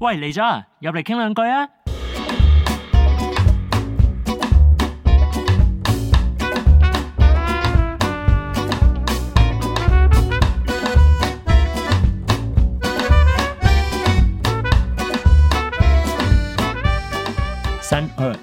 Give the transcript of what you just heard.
喂，嚟咗啊，入嚟傾兩句啊！